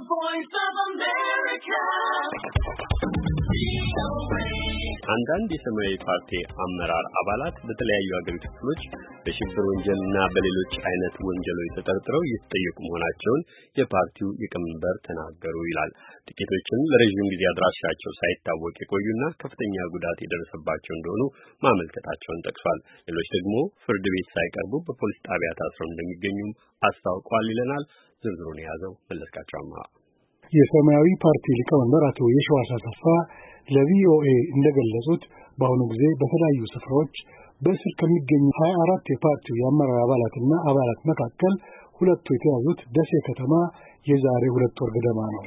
The voice of America. Be አንዳንድ የሰማያዊ ፓርቲ አመራር አባላት በተለያዩ ሀገሪቱ ክፍሎች በሽብር ወንጀልና በሌሎች አይነት ወንጀሎች ተጠርጥረው እየተጠየቁ መሆናቸውን የፓርቲው ሊቀመንበር ተናገሩ ይላል። ጥቂቶችን ለረዥም ጊዜ አድራሻቸው ሳይታወቅ የቆዩና ከፍተኛ ጉዳት የደረሰባቸው እንደሆኑ ማመልከታቸውን ጠቅሷል። ሌሎች ደግሞ ፍርድ ቤት ሳይቀርቡ በፖሊስ ጣቢያ ታስረው እንደሚገኙም አስታውቋል ይለናል። ዝርዝሩን የያዘው መለስካቸው የሰማያዊ ፓርቲ ሊቀመንበር አቶ የሸዋስ አሰፋ ለቪኦኤ እንደገለጹት በአሁኑ ጊዜ በተለያዩ ስፍራዎች በእስር ከሚገኙ ሀያ አራት የፓርቲው የአመራር አባላትና አባላት መካከል ሁለቱ የተያዙት ደሴ ከተማ የዛሬ ሁለት ወር ገደማ ነው።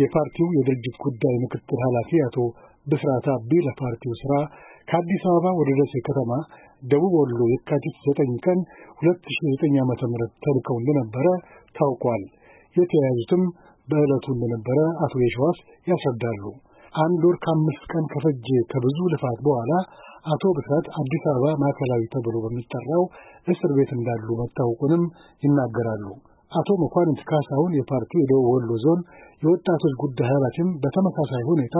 የፓርቲው የድርጅት ጉዳይ ምክትል ኃላፊ አቶ ብስራት አቢ ለፓርቲው ስራ ከአዲስ አበባ ወደ ደሴ ከተማ ደቡብ ወሎ የካቲት ዘጠኝ ቀን ሁለት ሺ ዘጠኝ ዓመተ ምህረት ተልከው እንደነበረ ታውቋል። የተያያዙትም በዕለቱ እንደነበረ አቶ የሸዋስ ያስረዳሉ። አንድ ወር ከአምስት ቀን ከፈጀ ከብዙ ልፋት በኋላ አቶ ብስራት አዲስ አበባ ማዕከላዊ ተብሎ በሚጠራው እስር ቤት እንዳሉ መታወቁንም ይናገራሉ። አቶ መኳንንት ካሳሁን የፓርቲው የደቡብ ወሎ ዞን የወጣቶች ጉዳይ ኃላፊም በተመሳሳይ ሁኔታ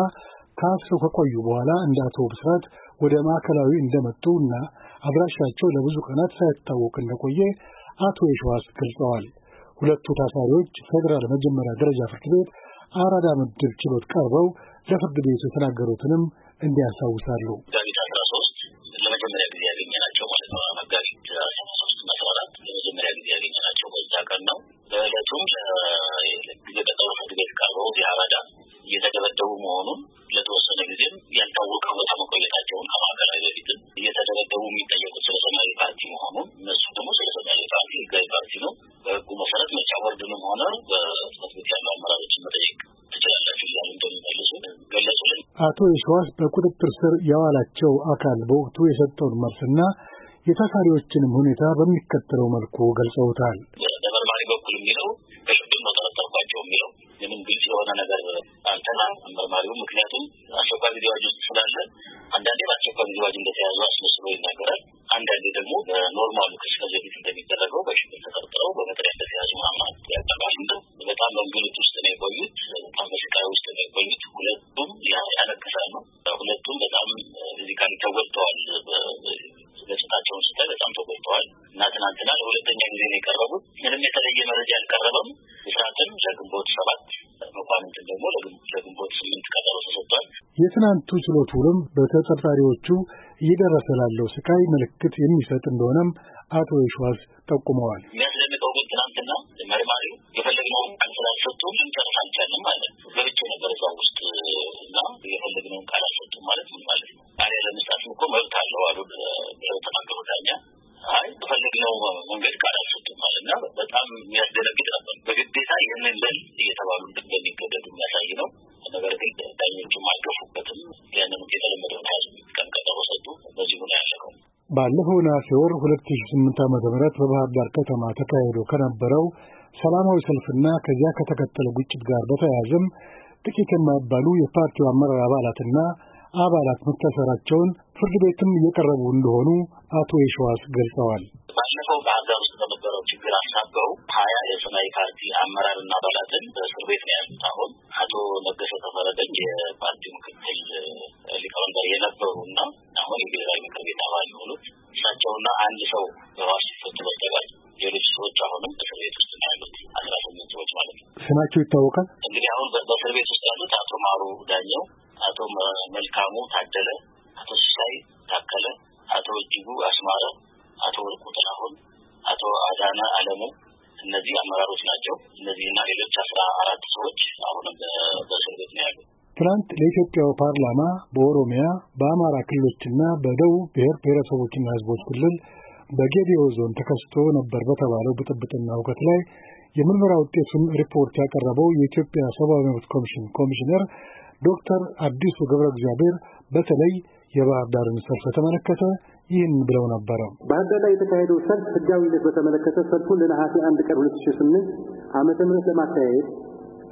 ታስረው ከቆዩ በኋላ እንደ አቶ ብስራት ወደ ማዕከላዊ እንደመጡ እና አድራሻቸው ለብዙ ቀናት ሳይታወቅ እንደቆየ አቶ የሸዋስ ገልጸዋል። ሁለቱ ታሳሪዎች ፌዴራል መጀመሪያ ደረጃ ፍርድ ቤት አራዳ ምድብ ችሎት ቀርበው ለፍርድ ቤቱ የተናገሩትንም እንዲያስታውሳሉ። አቶ የሸዋስ በቁጥጥር ስር የዋላቸው አካል በወቅቱ የሰጠውን መልስና የታሳሪዎችንም ሁኔታ በሚከተለው መልኩ ገልጸውታል። በመርማሪ በኩል የሚለው ከሽብር ነው ጠረጠርኳቸው የሚለው ምንም ግልጽ የሆነ ነገር አልተና መርማሪው። ምክንያቱም አስቸኳይ ጊዜ አዋጅ ውስጥ ስላለ አንዳንዴ በአስቸኳይ ጊዜ አዋጅ እንደተያዙ አስመስሎ ይናገራል። አንዳንዴ ደግሞ በኖርማሉ ከዚህ በፊት እንደሚደረገው በሽብር ተጠርጥረው በመጠሪያ እንደተያዙ ማማ ያጠቃል። በጣም በእንግልት ደግሞ ለግንቦት ስምንት ቀጠሮ ተሰጥቷል። የትናንቱ ችሎት ውሎም በተጠርጣሪዎቹ እየደረሰ ላለው ስቃይ ምልክት የሚሰጥ እንደሆነም አቶ የሸዋስ ጠቁመዋል። ባለፈው ነሐሴ ወር 2008 ዓ ም በባህር ዳር ከተማ ተካሂዶ ከነበረው ሰላማዊ ሰልፍና ከዚያ ከተከተለው ግጭት ጋር በተያያዘም ጥቂት የማይባሉ የፓርቲው አመራር አባላትና አባላት መታሰራቸውን ፍርድ ቤትም እየቀረቡ እንደሆኑ አቶ የሸዋስ ገልጸዋል። አንድ ሰው በዋስትና ተለቀቀ። ሌሎች ሰዎች አሁንም እስር ቤት ውስጥ ነው ያሉት፣ አስራ ስምንት ሰዎች ማለት ነው። ስማቸው ይታወቃል። እንግዲህ አሁን በእስር ቤት ውስጥ ያሉት አቶ ማሩ ዳኘው፣ አቶ መልካሙ ታደለ፣ አቶ ሲሳይ ታከለ፣ አቶ እጅጉ አስማረ፣ አቶ ወርቁ ጥላሁን፣ አቶ አዳነ አለሙ እነዚህ አመራሮች ናቸው። እነዚህና ሌሎች አስራ አራት ትናንት ለኢትዮጵያው ፓርላማ በኦሮሚያ በአማራ ክልሎችና በደቡብ ብሔር ብሔረሰቦችና ሕዝቦች ክልል በጌዲዮ ዞን ተከስቶ ነበር በተባለው ብጥብጥና እውቀት ላይ የምርመራ ውጤቱን ሪፖርት ያቀረበው የኢትዮጵያ ሰብአዊ መብት ኮሚሽን ኮሚሽነር ዶክተር አዲሱ ገብረ እግዚአብሔር በተለይ የባህር ዳርን ሰልፍ በተመለከተ ይህን ብለው ነበረ። ባህር ዳር ላይ የተካሄደው ሰልፍ ህጋዊነት በተመለከተ ሰልፉን ለነሐሴ አንድ ቀን ሁለት ሺህ ስምንት ዓመተ ምህረት ለማካሄድ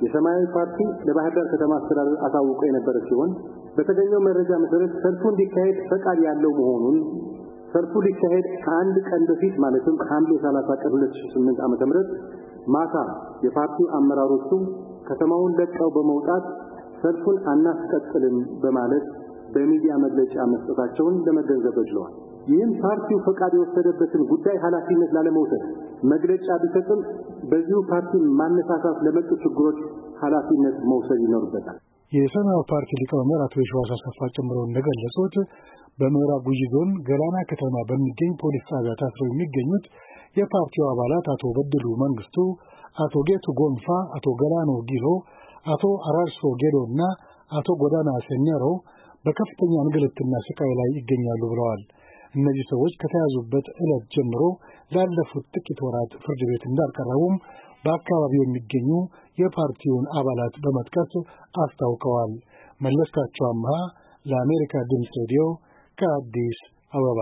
የሰማያዊ ፓርቲ ለባህር ዳር ከተማ አስተዳደር አሳውቆ የነበረ ሲሆን በተገኘው መረጃ መሰረት ሰልፉ እንዲካሄድ ፈቃድ ያለው መሆኑን ሰልፉ ሊካሄድ ከአንድ ቀን በፊት ማለትም ሐምሌ 30 ቀን 2008 ዓ.ም ማታ የፓርቲው አመራሮቹ ከተማውን ለቀው በመውጣት ሰልፉን አናስቀጥልም በማለት በሚዲያ መግለጫ መስጠታቸውን ለመገንዘብ ተችሏል። ይህም ፓርቲው ፈቃድ የወሰደበትን ጉዳይ ኃላፊነት ላለመውሰድ መግለጫ ቢሰጥም በዚሁ ፓርቲ ማነሳሳት ለመጡ ችግሮች ኃላፊነት መውሰድ ይኖርበታል። የሰማያዊ ፓርቲ ሊቀመንበር አቶ የሸዋስ አሰፋ ጨምረው እንደገለጹት በምዕራብ ጉጂ ዞን ገላና ከተማ በሚገኝ ፖሊስ ጣቢያ ታስረው የሚገኙት የፓርቲው አባላት አቶ በድሉ መንግስቱ፣ አቶ ጌቱ ጎንፋ፣ አቶ ገላኖ ጊሎ፣ አቶ አራርሶ ጌዶ እና አቶ ጎዳና ሰኛሮ በከፍተኛ እንግልትና ስቃይ ላይ ይገኛሉ ብለዋል። እነዚህ ሰዎች ከተያዙበት ዕለት ጀምሮ ላለፉት ጥቂት ወራት ፍርድ ቤት እንዳልቀረቡም በአካባቢው የሚገኙ የፓርቲውን አባላት በመጥቀስ አስታውቀዋል። መለስካቸው አምሃ ለአሜሪካ ድምፅ ሬዲዮ ከአዲስ አበባ